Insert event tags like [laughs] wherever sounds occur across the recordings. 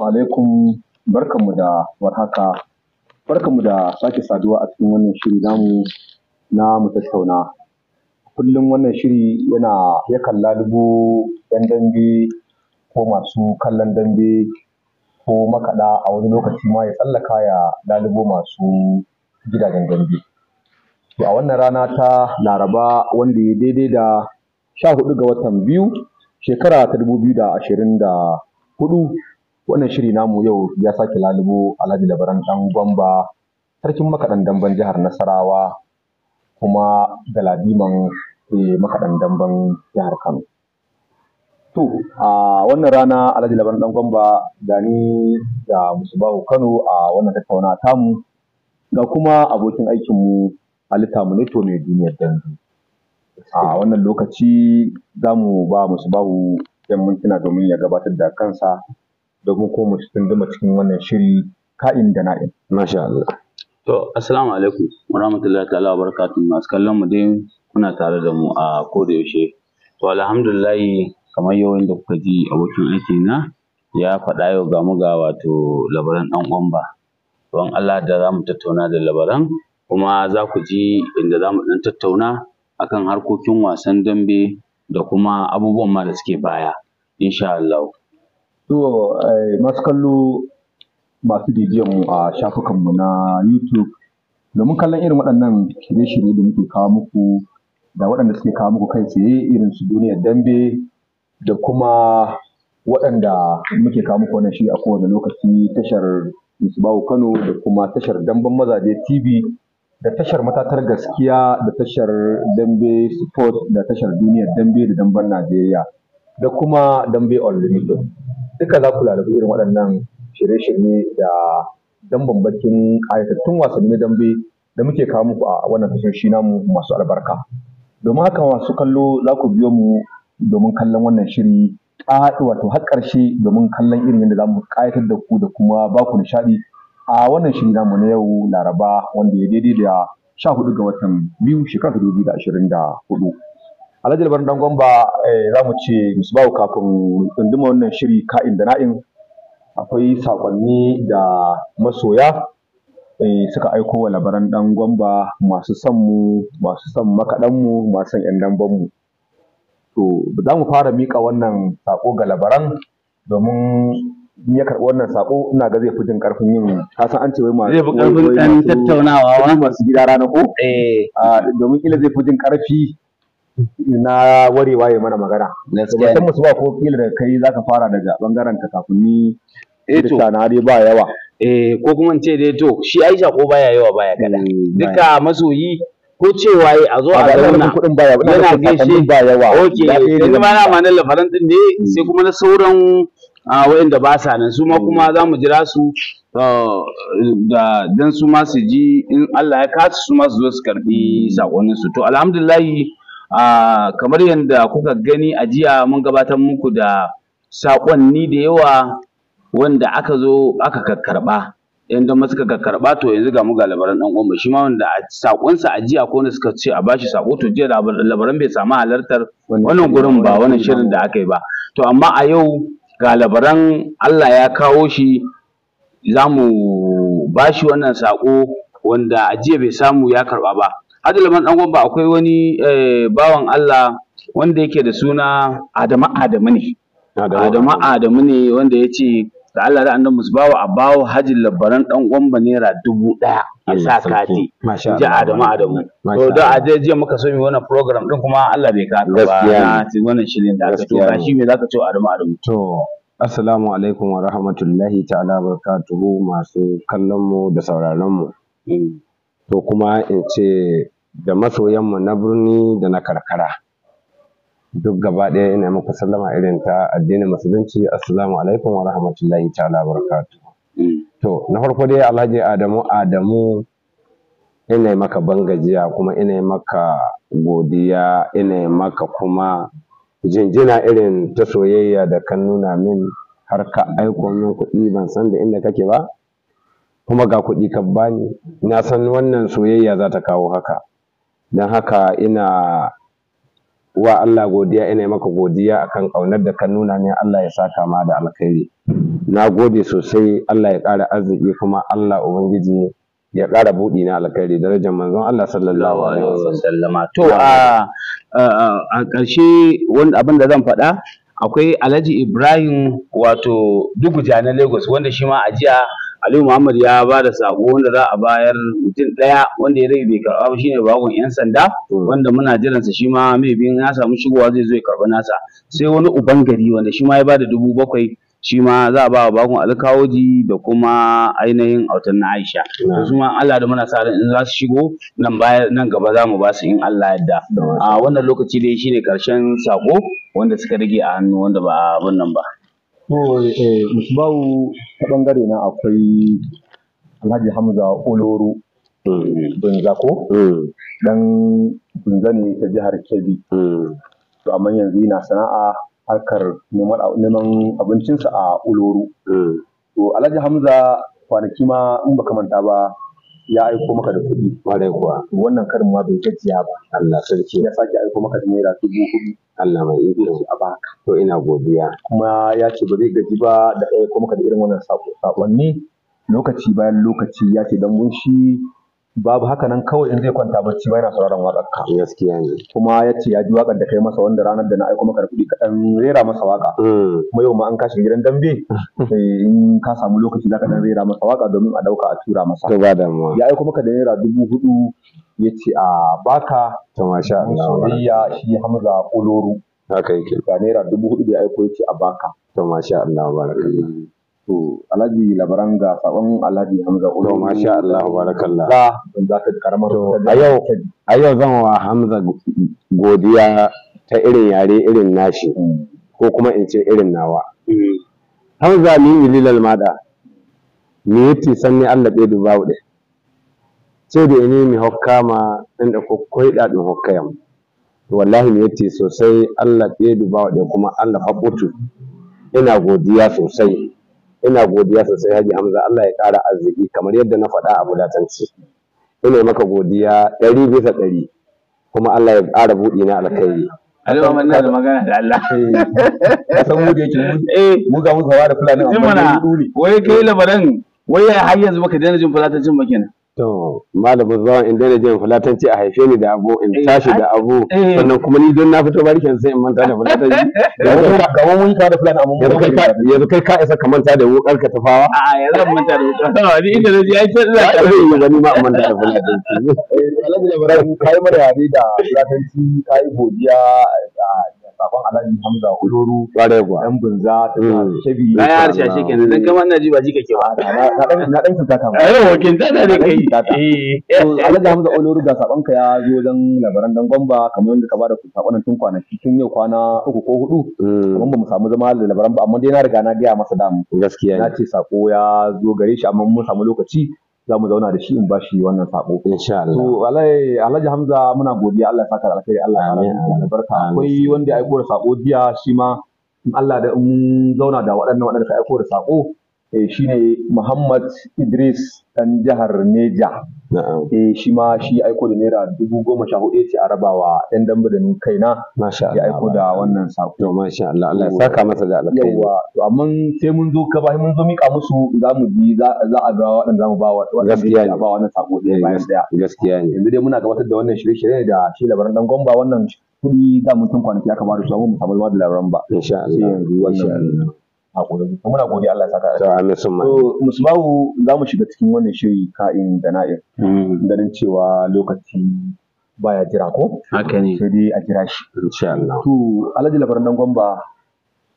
Assalamu alaikum barkanmu da warhaka barkanmu da sake saduwa a cikin wannan shiri namu na mu tattauna kullum wannan shiri yana yakan lalubo 'yan dambe ko masu kallon dambe ko makaɗa a wani lokaci ma ya tsallaka ya lalubo masu gidajen dambe to a wannan rana ta laraba wanda ya daidai da sha hudu ga watan biyu shekara ta dubu biyu da ashirin da huɗu? wannan shiri namu yau ya sake lalubo alhaji labaran dan gwamba sarkin makaɗan damban jihar nasarawa kuma galadiman eh, makaɗan damban jihar kano to a wannan rana alhaji labaran dan gwamba da ni da musubahu kano a wannan tattauna tamu ga kuma abokin aikinmu halitta mu neto mai duniyar dambe a wannan lokaci za mu ba musubahu yan mintuna domin ya gabatar da kansa domin ko mu tsunduma cikin wannan shiri ka'in da na'in. Masha Allah. To, Assalamu alaikum wa rahmatullahi ta'ala wa barakatuhu masu kallon mu dai kuna tare da mu a koda yaushe. To, alhamdulillahi kamar yawan da kuka ji abokin aiki na ya faɗa yau ga mu ga wato labaran ɗan ƙwamba. Don Allah da za mu tattauna da labaran kuma za ku ji inda za mu ɗan tattauna akan harkokin wasan dambe da kuma abubuwan ma da suke baya. Insha Allah. To eh, masu kallo masu mu a shafukanmu na YouTube domin kallon irin waɗannan shirye-shirye da muke kawo muku da waɗanda suke kawo muku kai tsaye irin su duniyar dambe da kuma waɗanda muke kawo muku wannan shi a kowane lokaci tashar Musbahu Kano da kuma tashar Damben Mazaje TV da tashar Matatar Gaskiya da tashar Dambe Sport da tashar duniya Dambe da Damben Najeriya da kuma Dambe Unlimited. duka za ku lalabi irin waɗannan shirye-shirye da dan bambakin ayatattun wasanni dambe da muke kawo muku a wannan tashar shi namu masu albarka. Domin haka masu kallo za ku biyo mu domin kallon wannan shiri ƙaɗi wato har ƙarshe domin kallon irin yadda za mu ƙayatar da ku da kuma ba ku nishaɗi a wannan shiri namu na yau Laraba wanda ya daidai da sha hudu ga watan biyu shekarar dubu da ashirin da hudu. alhaji labarin dan gwamba eh, za mu ce musbahu kafin tsunduma wannan shiri ka'in da na'in akwai sakonni da masoya eh, suka aiko wa labaran dan gwamba masu son mu masu son makaɗan mu masu son 'yan damban mu to za mu fara mika wannan sako ga labaran domin in ya karɓi wannan sako ina ga zai fi jin ƙarfin yin ka san an ce wai masu zai fi karfin ɗan tattaunawa wa masu gida rana ko eh ah, domin kila zai fi jin ƙarfi na warewa ya mana magana. Gaskiya. Wata musu ba ko kila da kai za ka fara daga bangaren ka kafin ni. Eh to. na dai ba yawa. Eh ko kuma ce dai to shi Aisha ko baya yawa baya kada. Hmm, Duka masoyi ko cewa a zo a zauna yana gaishe ba yawa. Okay. Yanzu ma na ma na lafaran din ne hmm. sai kuma na sauran wa'inda ba sa nan su ma hmm. kuma za mu jira su da dan su ma su ji in Allah ya kasu su ma su zo su karbi sakonin su to alhamdulillah kamar yadda kuka gani a jiya mun gabatar muku da saƙonni da yawa wanda aka zo aka kakkarɓa yan dama suka kakkarɓa to yanzu ga mu ga labaran ɗan uwan shi ma wanda saƙonsa a jiya ko wanda suka ce a bashi saƙo to jiya labaran bai samu halartar wannan gurin ba wannan shirin da aka yi ba to amma a yau ga labaran Allah ya kawo shi za mu bashi wannan saƙo wanda a jiya bai samu ya karɓa ba Adalman ɗan gwamba akwai wani eh, bawan Allah wanda yake da suna Adama Adamu ne. Adama Adamu ne wanda ya ce da Allah da annabi su bawa a bawo hajji labaran ɗan gwamba naira dubu ɗaya, ya sa kati ji Adamu Adamu to da a je jiya muka so mu wannan program ɗin kuma Allah bai ka ba na wannan shirin da aka tura shi me zaka ce Adama Adamu to assalamu alaikum wa rahmatullahi ta'ala barakatuhu masu kallon mu da sauraron mu mm. To kuma in ce da masoyanmu na birni da na karkara duk gaba ɗaya ina muku sallama irin ta addinin musulunci assalamu alaikum wa rahmatullahi ta'ala barakatu mm. to na farko dai alhaji adamu adamu ina maka bangajiya kuma ina maka godiya ina maka kuma jinjina irin ta soyayya da kan nuna min har ka aiko min kuɗi ban san da inda kake ba kuma ga kuɗi ka bani na san wannan soyayya za ta kawo haka don haka ina wa Allah godiya ina maka godiya akan ƙaunar da ka nuna ne Allah ya saka ma da alkhairi na gode sosai Allah ya ƙara arziki kuma Allah ubangiji ya ƙara buɗi na alkhairi darajar manzon Allah sallallahu alaihi wasallam to a a ƙarshe wanda abin da zan faɗa akwai Alhaji Ibrahim wato Duguja na Lagos wanda shi ma a jiya aliyu muhammad ya ba da sako wanda za a bayar mutum ɗaya wanda ya rage bai karɓa ba shine bagon yan sanda hmm. wanda muna jiran sa shi ma mai bin ya samu shigowa zai zo ya nasa sai wani uban gari wanda shi ma ya ba da dubu bakwai shi ma za a ba wa bakon alkawoji da kuma ainihin autan na aisha da hmm. su allah da muna sa ran in za su shigo nan baya nan gaba za mu ba su in allah yadda hmm. a wannan lokaci dai shine karshen sako wanda suka rage a hannu wanda ba abin nan ba To eh, ta bangare na akwai Alhaji Hamza Oloro mm-hmm. Bunza ko? Mm. Dan Bunza ne ta jihar Kebbi. Mm. To amma yanzu yana sana'a harkar neman abincinsa a Oloro. Mm. To Alhaji Hamza kwanaki ma in baka manta ba ya aiko maka da kuɗi kwarai kuwa wannan karin ma bai gajiya ba Allah sarki ya sake aiko maka da naira dubu hudu Allah mai iko a baka to ina godiya kuma ya ce ba zai gaji ba da aiko maka da irin wannan sakonni lokaci bayan lokaci ya ce dan mun shi babu haka nan kawai in zai kwanta bacci ba yana sauraron waƙar ka gaskiya ne kuma ya ce ya ji waƙar da kai masa wanda ranar da na aiko maka da kuɗi ka dan rera masa waƙa mm. kuma yau ma an kashe gidan dambe [laughs] eh, in ka samu lokaci zaka dan rera masa waƙa domin a dauka a tura masa to ba damuwa ya aiko maka da naira dubu hudu ya ce a baka tamasha soyayya shi Hamza Oloru haka yake ga naira dubu hudu da ya aiko ya ce a baka tamasha Allah baraka to alhaji labaran ga sabon alhaji hamza to masha Allah barakallah za ka karamar a yau a yau zan wa hamza godiya ta irin yare irin nashi ko kuma in ce irin nawa mm. hamza ni ililal mada mi yiti sanni Allah be dubawo de sai da ini mi hokka ma hokkama da ko koida dum hokkayam wallahi ni yiti sosai Allah be dubawo de kuma Allah hakutu ina godiya sosai ina godiya sosai haji hamza allah ya ƙara arziki kamar yadda na faɗa a wadatanci ina maka godiya ɗari bisa ɗari kuma allah ya ƙara buɗi na alkhairi Alewa manna da magana da Allah. Eh, ka san mu da yake mu eh. ga mu da fulani amma ne wai kai labaran wai har yanzu baka daina jin fulatancin makina to malamin zuwa in daina jin fulatanci a haife ni da abu in eh, tashi da abu eh. sannan kuma ni don na fito barikin sai in manta da fulatanci [laughs] mun ka da abu yanzu kai ka isa ka manta da wukar ka tafawa a yanzu an manta da wukar tafawa ai sai da fulatanci kai eh, da fulatanci godiya baban alhaji hamza holoru yan bunza ta shabi mm. na ya harsha shi kenan dan kamar na ji ba ji kake ba na dan kinta ka ba eh wakin da da kai eh. alhaji hamza holoru ga saban ka ya zo dan labaran dan gomba kamar yadda ka ba da sakonan tun kwanaki tun yau kwana uku ko hudu kuma mm. ba mu samu zama da labaran ba amma dai na riga na gaya masa damu gaskiya na ce sako ya zo gare shi amma mun samu lokaci za mu zauna da shi in bashi wannan sako insha Allah to Alhaji Hamza muna godiya Allah ya saka da alkhairi Allah ya barka akwai wanda ya aiko da sako jiya shi ma in Allah da in zauna da waɗannan waɗanda ka aiko da sako eh shine Muhammad Idris ɗan jihar Neja. Eh shi ma shi aiko da naira dubu goma sha hudu ce a rabawa ɗan dambu da ni kaina. Masha Allah. Ya aiko da wannan sako. To masha Allah Allah ya saka masa da alkhairi. Yawwa to amma sai mun zo ka ba mun zo mika musu za mu bi za a ga waɗanda za mu ba wa gaskiya ne ba wannan sako ɗaya eh, bayan ɗaya. Gaskiya ne. Yanzu dai muna gabatar da wannan shirye-shirye da shi labaran ɗan gomba wannan kuɗi Za mu tun kwanaki aka ba da su amma mu samu da labaran ba. Insha Allah. Sai yanzu wannan. hakuri to muna godiya Allah ya saka to amin summa to musbahu za mu shiga cikin wannan shiri ka'in da na'in mm. ganin cewa lokaci baya jira ko haka ne sai dai a jira shi insha Allah to alhaji labaran dan gwamba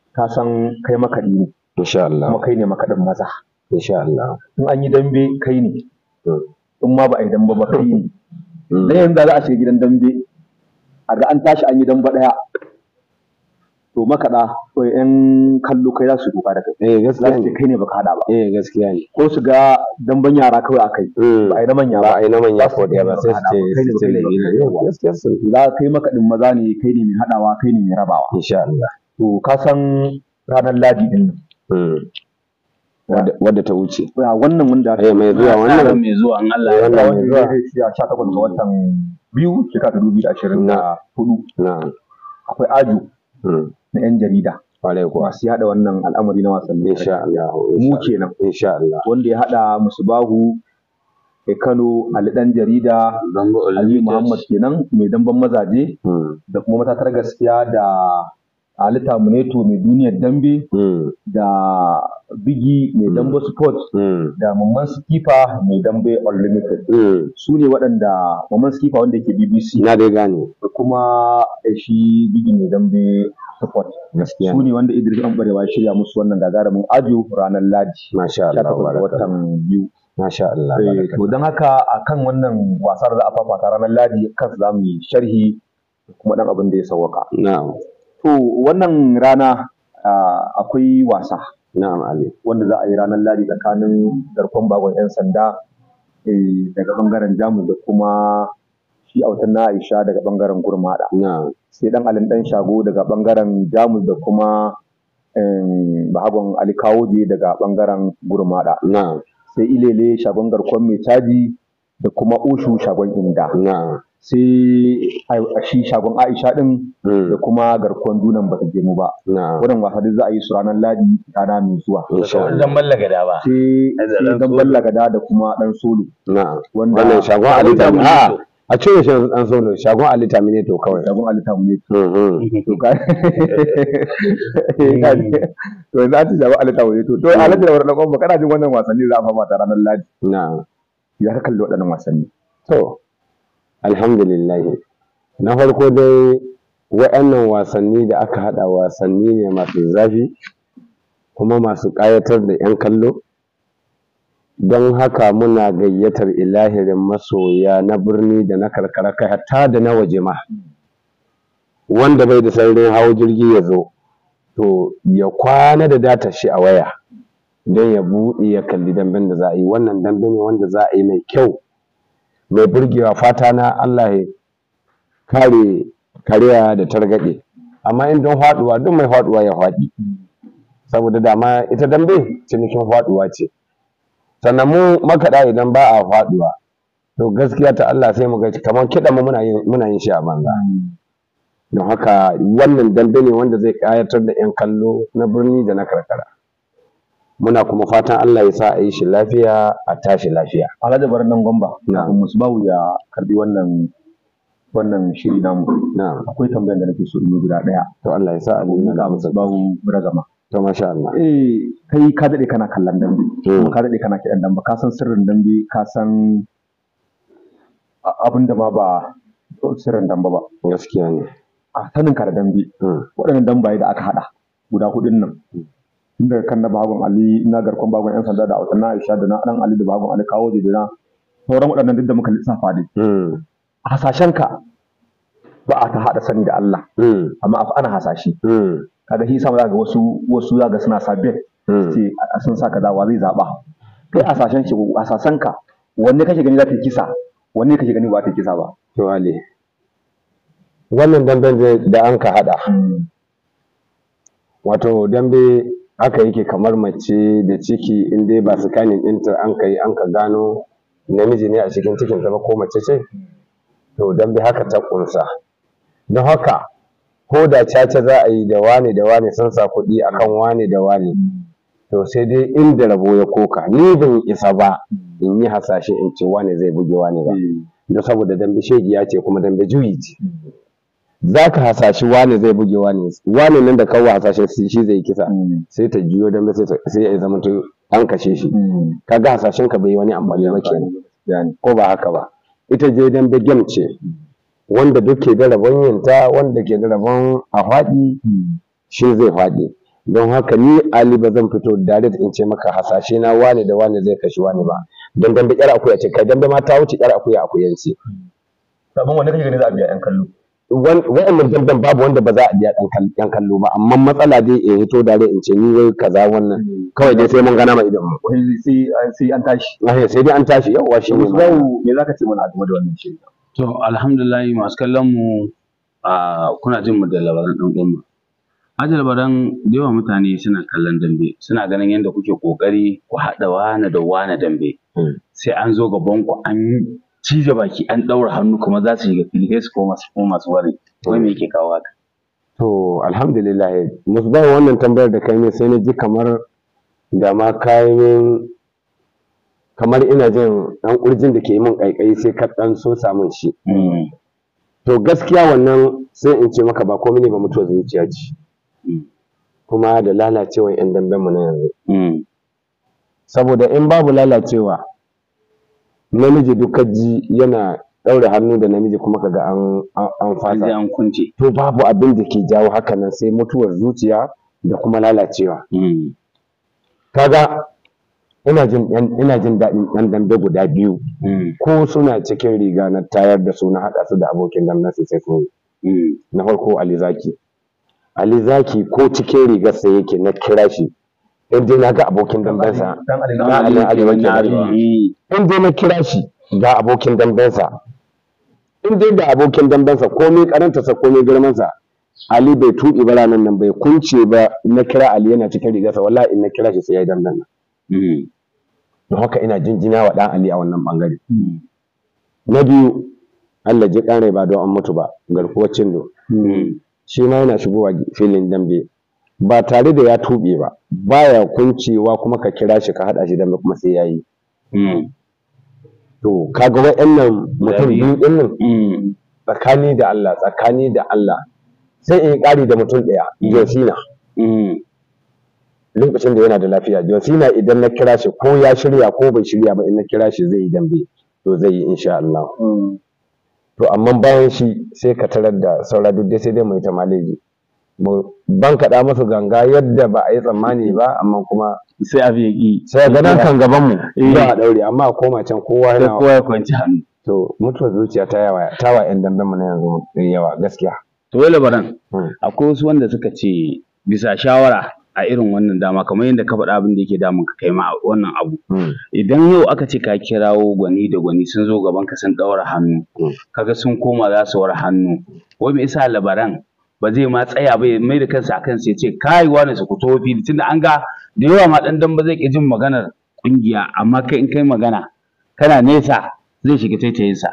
ka san kai makaɗi ne insha Allah kuma kai ne makaɗin maza insha Allah in an yi dambe kai ne mm. in ma ba a yi dambe ba kai ne mm. dan yanzu za a shiga gidan dambe a ga an tashi an yi dambe ɗaya. to makaɗa ko yan kallo kai za su duka da kai eh gaskiya ne kai ne baka hada ba eh gaskiya ne ko su ga damban yara kawai kai, hmm. ba ai na manya ba ai na manya ko da ba sai su ce su ce ne gaskiya su za kai makaɗin maza ne kai ne mai hadawa kai ne mai rabawa insha Allah to ka san ranar ladi din nan hmm. wadda ta wuce. Wannan eh, wanda ta mai zuwa wannan mai zuwa an Allah ya wannan mai zuwa ya sha takwas ga watan biyu shekara ta dubu da ashirin da hudu. Akwai aju Hmm. na 'yan jarida masu haɗa wannan al'amari na wasanni insha Allah mu kenan insha Allah wanda ya musu bahu e eh, Kano Ali Ɗan jarida Ali Muhammad kenan mai damban mazaje hmm. da kuma matatar gaskiya da Ali Tamuneto mai duniyar dambe hmm. da Bigi mai hmm. dambe sport hmm. da Mamman Skifa mai dambe unlimited su ne waɗanda Mamman Skifa wanda yake BBC na dai gane da kuma eh, shi Bigi mai dambe sport su ne wanda Idris Ambarewa ya shirya musu wannan gagarumin ajo ranar Ladi 18 watan biyu Masha Allah. Eh, to don haka a kan wannan wasar da a fafata ranar Ladi kan za mu yi sharhi kuma ɗan abin da ya sauwaka. Na'am. To wannan rana akwai wasa. Na'am Ali. Wanda za a yi ranar Ladi tsakanin garkon bagon 'yan sanda eh, daga bangaren Jamus da kuma shi autan na Aisha daga bangaren Gurmada. Na'am. Sai dan Alin dan Shago daga bangaren Jamus da kuma eh, bahagon Ali Kawoje daga bangaren Gurmada. Na'am. Sai Ilele shagon garkon mai caji da kuma Ushu shagon Inda. sai a shi shagon Aisha din hmm. da kuma garkuwan dunan ba ta je mu ba. Wannan wasa duk za a yi su ranar Ladi rana mai zuwa. Dan mallaka da ba. Sai dan mallaka da da kuma dan solo. Wannan shagon Ali ta a a cire shi dan solo shagon Ali ta mine to kawai. Shagon Ali ta mine. To hmm, hmm. To ka. [laughs] To za ce shagon Ali ta mine to to alaji da wannan ba kana jin wannan wasanni za a fama ta ranar Ladi. Na'am. Ya kalli waɗannan wasanni. To, alhamdulillahi na farko dai wa'annan wasanni da aka haɗa wasanni ne masu zafi kuma masu ƙayatar da 'yan kallo don haka muna gayyatar ilahirin masoya na birni da na karkara kai hatta da na waje ma wanda bai da saurin hawo jirgi ya zo to ya kwana da data shi a waya don ya buɗe ya kalli damben da za a yi wannan dambe ne wanda za a yi mai kyau mai burgewa fata na Allah ya kare kariya da targaɗe amma in don faɗuwa duk mai faɗuwa ya faɗi saboda dama ita dambe cinikin faɗuwa ce sannan mu makaɗa idan ba a faɗuwa to gaskiya ta Allah sai mu ga kamar kiɗa mu muna yin muna yin shi a banza don haka wannan dambe ne wanda zai ƙayatar da 'yan kallo na birni da na karkara muna kuma fatan Allah ya sa a yi shi lafiya a tashi lafiya alhaji barnan Gwamba, kafin musu bawu ya karbi wannan wannan shiri namu akwai tambayar da nake so in yi guda daya to Allah ya sa a nuna ga musu bawu ragama to masha Allah eh kai ka dade kana kallon dambe hmm. ka dade kana kidan dambe ka san sirrin dambe ka san abin da ma ba sirrin dambe ba gaskiya ne a sanin ka da dambe hmm. waɗannan dambaye da aka hada guda hudun nan hmm. da kan na bagon ali na garkon bagon yan sanda da autan na aisha da na dan ali da bagon ali kawo da na sauran waɗannan duk da muka lissafa A hmm. hasashen ka ba a ta hada sani da Allah hmm. amma ana hasashe hmm. kaga shi sama daga wasu wasu zaka suna sabit sai sun sa kaza wa zai zaba kai hasashen shi hasashen ka wanne kake gani za ta kisa wanne kake gani ba ta kisa ba to ale wannan dambe da an ka hada wato dambe haka yake kamar mace da ciki in dai ba kanin ɗinta an ka yi an ka gano namiji ne a cikin cikin ta ba ko mace ce to dan bi haka ta kunsa don haka ko da caca za a yi da wane da wane sun sa kuɗi akan wane da wane to sai dai inda rabo ya koka ni ban isa ba in yi hasashe in ce wane zai buge wane ba hmm. don saboda dambe shegi ya ce kuma dambe juyi ce za ka hasashi wane zai buge wane wane nan da kawo hasashen shi zai kisa mm. sai ta juyo don sai ya zama an kashe shi kaga mm. hasashen ka bai wani amfani ba kenan ko ba haka ba ita je dan begem ce wanda duk ke da rabon yinta wanda ke da rabon a faɗi mm. shi zai faɗi don haka ni ali ba zan fito direct in ce maka hasashe na wane da wane zai kashe wane ba don dambe kyar akuya ce kai dambe ma ta wuce kyar akuya akuyanci sabon wanda kake gani za a biya yan kallo wa'annan jirgin babu wanda ba za a biya ɗan kallo ba amma matsala dai in hito dare in ce ni wai kaza wannan kawai dai sai mun gana ma idan mu sai an tashi sai dai an tashi yawa shi ne yau me zaka ce mana a game da wannan shi to alhamdulillah masu kallon mu kuna jin mu da labaran ɗan ɗan Aji labaran da yawa mutane suna kallon dambe suna ganin yadda kuke kokari ku haɗa wane da wane dambe hmm. sai an zo gaban ku an cije baki an ɗaura hannu kuma za su shiga fili sai su koma su koma su ware wai me yake kawo haka to alhamdulillah ba wannan tambayar da kai ne sai na ji kamar da ma kayan kamar ina jin ɗan ƙurjin da ke min ƙaiƙayi sai ka dan so samun shi mm. to gaskiya wannan sai in ce maka ba komai ne ba mutuwar zuciya ce mm. kuma da lalacewa 'yan damben mu na yanzu mm. saboda in babu lalacewa namiji duk ji yana ɗaure hannu da namiji kuma kaga an an fasa an kunce to babu abin da ke jawo haka nan sai mutuwar zuciya da kuma lalacewa hmm. kaga ina jin ina jin daɗin ɗan dambe guda biyu hmm. ko suna cikin riga na tayar da su na haɗa su da abokin gwamnati sai sun hmm. na farko alizaki alizaki ko cikin rigar sa yake na kira shi in dai na ga abokin dambensa na alin arewa in dai na kira shi ga abokin dambensa in dai ga abokin dambensa komai karantarsa komai girmansa Ali bai tuɓi ba ranar nan bai kunce ba na kira Ali yana cikin rigarsa wallahi in na kira shi sai ya yi damben nan. Mm-hmm. haka ina jinjina wa ɗan Ali a wannan bangare. Mm-hmm. Na biyu Allah ji ƙarai ba don an mutu ba garkuwar cin do, mm-hmm. Shi ma yana shigowa filin dambe ba tare da ya tuɓe ba baya kuncewa kuma ka kira shi ka haɗa shi da kuma sai yayi hmm. to kaga waɗannan mutum biyu din nan hmm. tsakani da Allah tsakani da Allah sai in ƙari da mutum ɗaya hmm. Josina lokacin da yana da lafiya Josina idan na kira shi ko ya shirya ko bai shirya ba in na kira shi zai yi dambe to zai yi insha Allah to amma bayan shi sai ka tarar da saura duk dai sai dai mai ta maleji ban kaɗa masa ganga yadda ba a yi tsammani ba amma kuma sai a yi sai ga nan kan gaban mu eh. ba a daure amma a koma can kowa yana kowa ya kwanci hannu to mutuwar zuciya ta yawa ta wa yan dambe mu na yanzu yawa gaskiya to wai labaran hmm. akwai wasu wanda suka ce bisa shawara a irin wannan dama kamar yadda ka faɗa abin da yake damun ka kai ma wannan abu hmm. idan yau aka ce ka kirawo gwani da gwani sun zo gaban ka sun ɗaura hannu hmm. kaga sun koma za su war hannu wai me yasa labaran ba zai ma tsaya ba ya mai da kansa akan sai ce kai wani su fito fili tunda an ga da yawa ma dan dan ba zai ki jin maganar kungiya amma kai in kai magana kana nesa zai shiga sa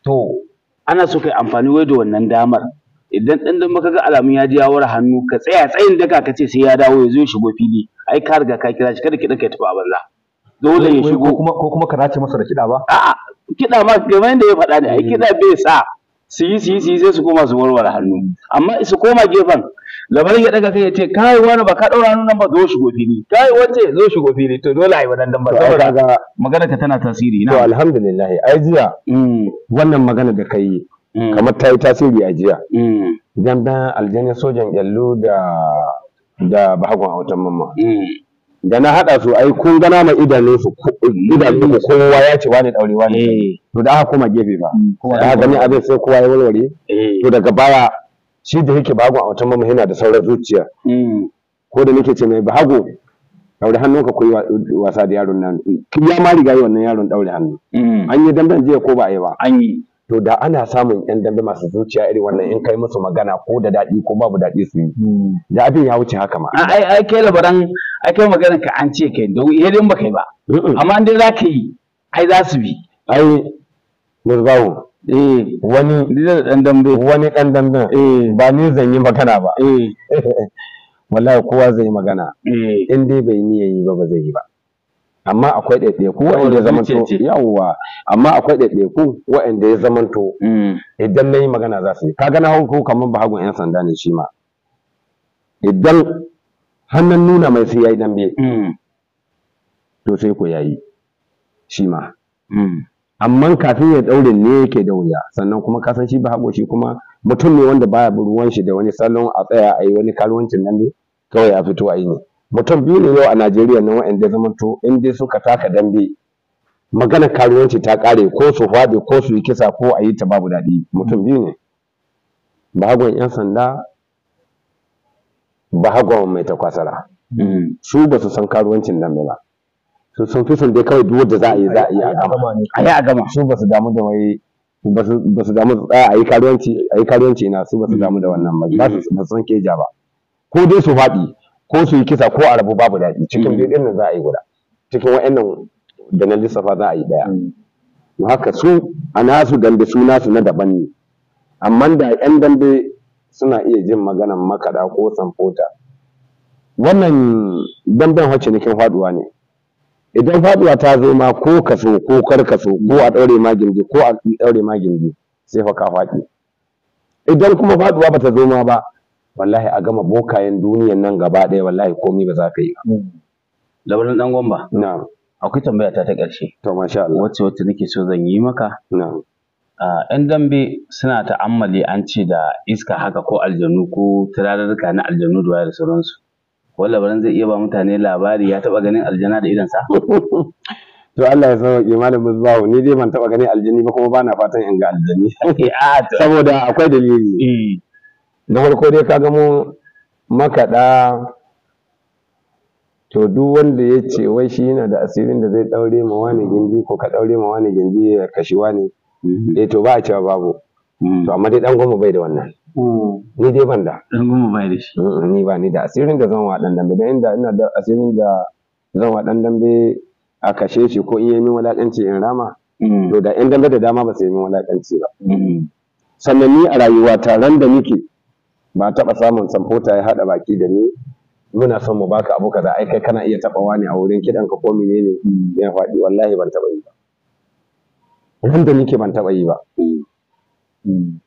to ana so kai amfani wai da wannan damar idan dan dan baka ga alamun ya ji ya wara hannu ka tsaya tsayin daka ka ce sai ya dawo ya zo ya shigo fili ai ka riga ka kira shi kada ki dinka ya tafi a banza dole ya shigo ko kuma ko kuma ka nace masa da kida ba a'a kida ma kamar yadda ya faɗa ne ai eh. kida bai sa su yi su yi su yi sai su koma su warwar hannu amma su koma gefen labar ya daga kai ya ce kai wani ba ka daura hannun ba zo shigo fili kai wace zo shigo fili to dole ai wannan dan ba saboda magana ka tana tasiri na to alhamdulillah ai jiya mm. wannan magana da kai mm. kamar ta yi tasiri a jiya mm. idan dan aljannan sojan yallo da da bahagon autan mamma da na haɗa su ai kun gana ma idanun su idanun mu kowa ya ce wani daure wani eh. to da aka koma gefe ba mm. da aka gani abin sai kowa ya warware eh. to daga baya shi da yake bago a wata mamu yana da sauran zuciya mm. ko da nake ce mai bago daure hannun ka koyi wasa da yaron nan ya ma riga yi wannan yaron daure hannu mm. an yi dambe jiya ko ba a yi ba an yi to da ana samun yan dambe masu zuciya irin wannan in kai musu magana ko da daɗi ko babu daɗi su yi hmm. da abin ya wuce haka ma ai ai kai labaran ai kai magana ka an ce kai don iya eh, din baka yi ba amma dai za ka yi ai za su bi ai murzawo eh wani dan dambe wani dan dambe eh. ba ni zan yi magana ba eh [laughs] wallahi kowa zai magana eh. in dai bai niyya yi ba ba zai yi ba amma akwai ɗaiɗaiku waɗanda ya zamanto yawwa amma akwai ɗaiɗaiku wa'anda ya zamanto idan na yi magana za su yi ka gana hanku kamar ba hagun yan sanda ne shi ma idan hannun nuna mai sai yayi dambe mm. to sai ko yayi shi ma mm. amma kafin ya daure ne yake da wuya sannan kuma kasan shi ba hago shi kuma mutum ne wanda baya ruwan shi da wani salon a tsaya a yi wani karuwancin nan ne kawai ya fito a yi ne mutum biyu ne yau a Najeriya na wa'anda ya zamanto in dai suka taka dambe magana karuwanci ta kare ko su faɗi ko su yi kisa ko a yi ta babu daɗi mutum biyu ne bahagon 'yan sanda bahagon mai takwasara mm. su ba su san karuwancin dambe ba su sun fi sun dai kawai duk wanda za a yi za a yi a gama a yi a gama su ba su damu da wai ba su damu a yi karuwanci a yi karuwanci ina su ba su damu da wannan ba su san keja ba ko dai su faɗi ko su yi kisa ko a rabu babu daɗi cikin mm. biyu ɗin nan za a yi guda cikin wa'annan da na lissafa za a yi ɗaya mm. haka su a nasu dambe su nasu na daban ne amma da yan dambe suna iya jin maganan makaɗa ko samfota wannan damben wacce nikin faduwa ne idan faduwa ta zo ma ko ka ko kar ka ko a ɗaure ma gindi ko a ɗaure ma gindi sai fa ka faɗi idan kuma faɗuwa ba ta zo ma ba wallahi a gama bokayen duniyan nan gaba ɗaya wallahi komai ba za ka yi ba. Labarin hmm. ɗan gwamba? Akwai tambaya ta ta ƙarshe. To masha Allah. Wacce wacce nake so zan yi maka? ‘Yan dambe suna ta'ammali an ce da iska haka ko aljanu ko turarurruka na aljanu da da sauransu. Ko labarin zai iya ba mutane labari ya taɓa ganin aljana da idansa? [laughs] to Allah ya sauke malam musbahu ni dai ban taɓa ganin aljani ba kuma ba na fatan in ga aljani. [laughs] Eh, Saboda akwai dalili. Eh. na farko dai ka mu makaɗa to duk wanda ya ce wai shi yana da asirin da zai ɗaure ma wani gindi ko ka ɗaure ma wani gindi ya kashi wani mm. eh to ba a cewa babu mm. to amma dai dan goma bai da wannan mm. ni dai ban da dan goma bai da shi ni ba ni da asirin da zan wa dan dambe da inda ina da asirin da zan wa dan dambe a kashe shi ko in yi min wulakanci in rama to da yan dambe da dama ba su yi min wulakanci ba sannan ni a rayuwa taron da nake ba taɓa samun samfota ya haɗa baki da ni muna son mu baka abu kaza ai kai kana iya taɓawa ne a wurin kiɗan ka ko menene mm. ya faɗi wallahi ban taɓa yi ba nan da nake ban taɓa yi ba mm. Mm.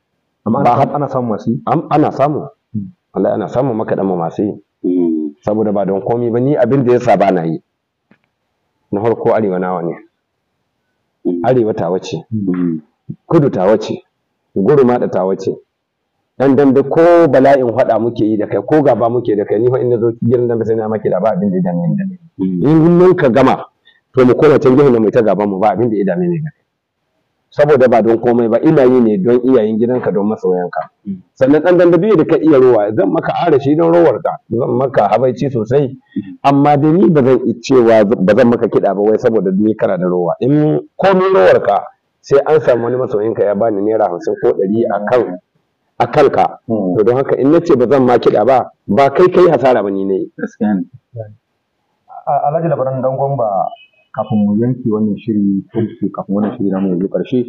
amma ba ana samu. masu ana samu wallahi ana samu makaɗan mu masu saboda ba don komi ba ni abin da ya sa ba na yi na farko arewa nawa ne arewa tawa ce kudu tawa ce guruma da tawa ce dan dambe ko bala'in faɗa muke yi da kai ko gaba muke da kai ni fa inna nazo gidan dambe sai na maki da ba abin da idan mm. in mun ka gama to mu koma can gidan mu ta gaban mu ba abin da idan ne saboda ba don komai ba ina yi ne don iyayen gidanka don masoyanka mm. sannan dan dambe biyu da ka iya rowa zan maka arashi don rowar ka zan maka habaici sosai mm. amma da ni ba zan cewa ba zan maka kiɗa ba wai saboda ni kana da rowa in komai rowar ka sai an samu wani masoyinka ya bani naira hamsin ko ɗari a kan a kanka hmm. to don haka in nace ba zan ma ba ba kai kai hasara ba ni ne alhaji labaran dan ba kafin mu yanke wannan shiri ko kafin wannan shiri namu yanzu karshe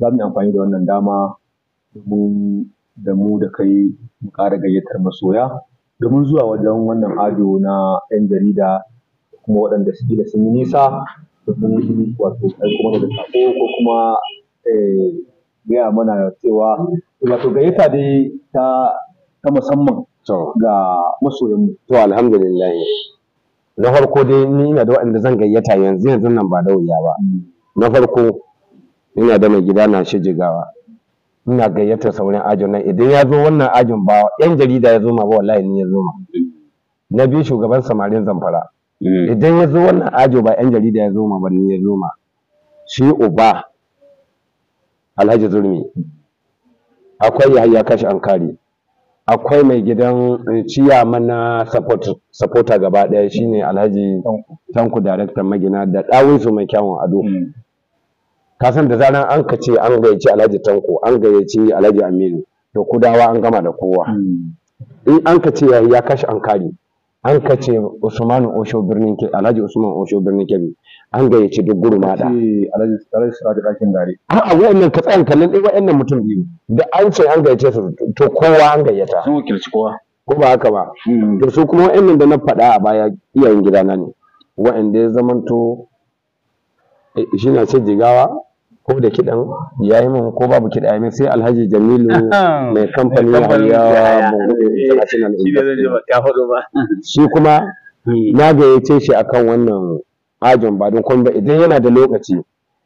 za mu yi amfani da wannan dama domin da mu da kai mu ƙara gayyatar masoya domin zuwa wajen wannan ajo na 'yan jarida kuma waɗanda suke da sun yi nisa domin wato kuma da ko kuma eh, gaya mana cewa wato gayyata dai ta ta musamman ga masoyanmu to alhamdulillah na farko dai ni ina da waɗanda zan gayyata yanzu yanzu nan ba da wuya ba mm. na farko ina da mai gida na shi jigawa ina gayyata sauran ajin nan idan ya zo wannan ajin ba yan jarida ya zo ma ba wallahi ni ya zo ma mm. na biyu shugaban samarin zamfara mm. idan ya zo wannan ajo ba yan jarida ya zo ma ba ni ya zo ma shi uba alhaji zurmi akwai ya kashi ankari akwai mai gidan ciya mana sapota gaba ɗaya shine alhaji tanku daraktan magina da ɗawinsu mai kyawun ado hmm. ka san da zaran an ka ce an gayyaci alhaji tanko an gayyaci alhaji aminu to kudawa an gama da kowa hmm. in an ka ce ya kashi ankari an ka ce usmanu osho birnin alhaji usman osho birnin ke an gayyaci duk a a'a wa'annan ka tsayan kallon dai wa'annan mutum biyu da an ce an gayyace su to kowa an gayyata sun wakilci kowa ko ba haka ba hmm. to su kuma wa'annan da na faɗa a baya iyayen na ne wa'anda ya zamanto eh, shi na ce jigawa ko da kiɗan ya yi min ko babu kiɗa ya min sai alhaji jamilu [laughs] mai kamfani [laughs] ya ya international shi kuma hmm. na gayyace shi akan wannan ajin ba don kuma idan yana da lokaci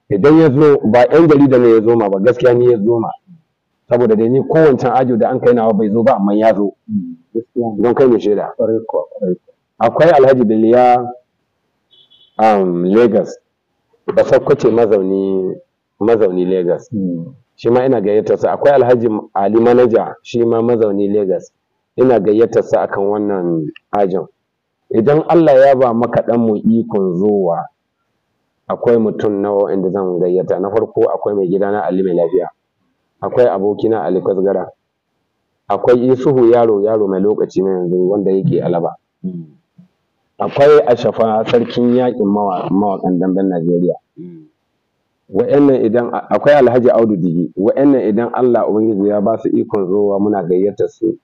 idan ya zo ba yan jarida ne ya zo ma ba gaskiya ni ya zo ma saboda dai ni kowancan ajo da an kai nawa bai zo ba amma ya zo don kai mai shaida akwai alhaji biliya a um, lagos da sakkwace mazauni mazauni lagos hmm. shi ma ina gayyatarsa akwai alhaji ali manaja shi ma mazauni lagos ina gayyatarsa akan wannan ajin idan Allah ya ba makaɗan mu ikon zuwa, akwai mutum na wa'anda zan gayyata na farko akwai mai gida na Ali mai lafiya akwai abokina Ali Kwasgara akwai Isuhu yaro yaro mai lokaci na yanzu wanda yake Alaba akwai Ashafa sarkin yakin mawakan damben Najeriya wa'annan idan akwai Alhaji Audu Digi wa'annan idan Allah ubangiji ya ba su ikon zuwa muna gayyata su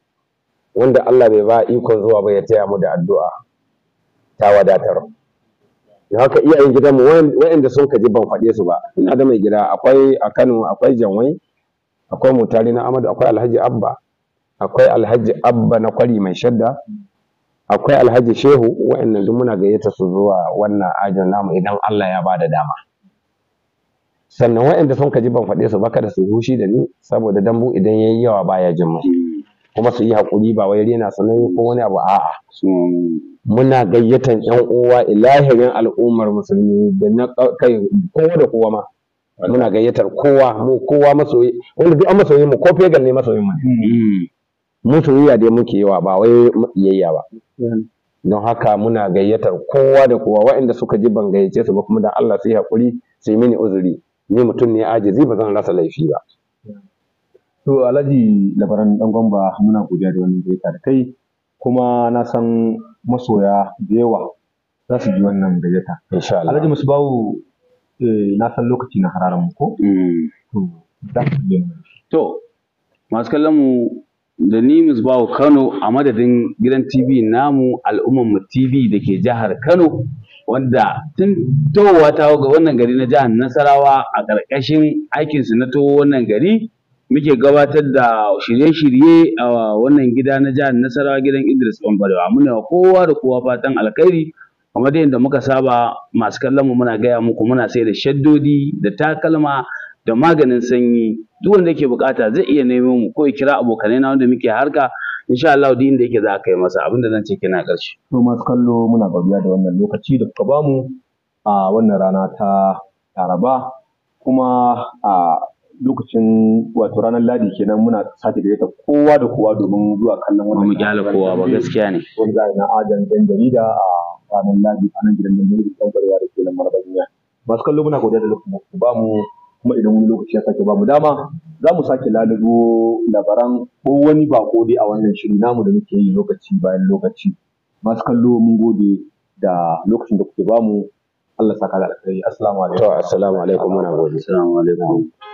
wanda Allah bai ba ikon zuwa ba ya taya mu da addu'a ta wadatar haka iyayen gidanmu waɗanda sun kaji ban faɗe su ba ina da mai gida akwai a Kano akwai Janwai akwai Mutari na Amadu akwai Alhaji Abba akwai Alhaji Abba na Kwari mai shadda akwai Alhaji Shehu waɗannan duk muna gayyata su zuwa wannan ajin namu idan Allah ya ba da dama sannan waɗanda sun kaji ban faɗe su ba kada su hushi da ni saboda dambu idan ya yi yawa baya jin mu kuma su yi haƙuri ba wai rena sanan ko wani abu a'a muna gayyatan yan uwa ilahirin al'ummar musulmi da na kai kowa da kowa ma muna gayyatar kowa mu kowa masoyi wanda duk an masoyi mu ko fegan ne masoyin mu mm-hmm. mu soyayya dai muke yawa ba wai iyayya ba don haka muna gayyatar kowa da kowa waɗanda suka ji ban gayyace su ba kuma da Allah sai hakuri sai mini uzuri ni mutum ne ajizi ba zan rasa laifi ba To Alhaji Labaran ɗan Gwamba muna godiya da wannan gayyata da kai kuma na san masoya da yawa za su ji wannan gayyata. Insha Allah. Alhaji Musbahu eh, na san lokaci na hararan mu ko? Mm. To za ku mu. To masu kallon mu da ni Musbahu Kano a madadin gidan TV namu al'umman mu TV da ke jihar Kano wanda tun towa ta ga wannan gari na jihar Nasarawa a ƙarƙashin aikinsu na towo wannan gari muke gabatar da shirye-shirye a wannan gida na jihar Nasarawa gidan Idris Bambarewa. Muna kowa da kowa fatan alkhairi kamar yadda muka saba masu kallon mu muna gaya muku muna sai da shaddodi da takalma da maganin sanyi duk wanda yake bukata zai iya nemo mu ko ya kira abokanai na wanda muke harka sha Allah din da yake za ka yi masa abin da zan ce kina ƙarshe. To masu kallo muna godiya da wannan lokaci da kuka bamu a wannan rana ta Laraba kuma a lokacin wato ranar ladi kenan muna sake gayyata kowa da kowa domin zuwa kallon wannan mu kyale kowa ba gaskiya ne wani zai na ajan dan jarida a ranar ladi a nan gidan dan da ke da kenan marabaniya masu kallo muna godiya da lokacin ku ba mu kuma idan wani lokaci ya sake ba mu dama za mu sake lalubo labaran ko wani bako dai a wannan shiri namu da muke yi lokaci bayan lokaci masu kallo mun gode da lokacin da kuke ba mu Allah saka da alkhairi assalamu alaikum to assalamu alaikum muna gode assalamu alaikum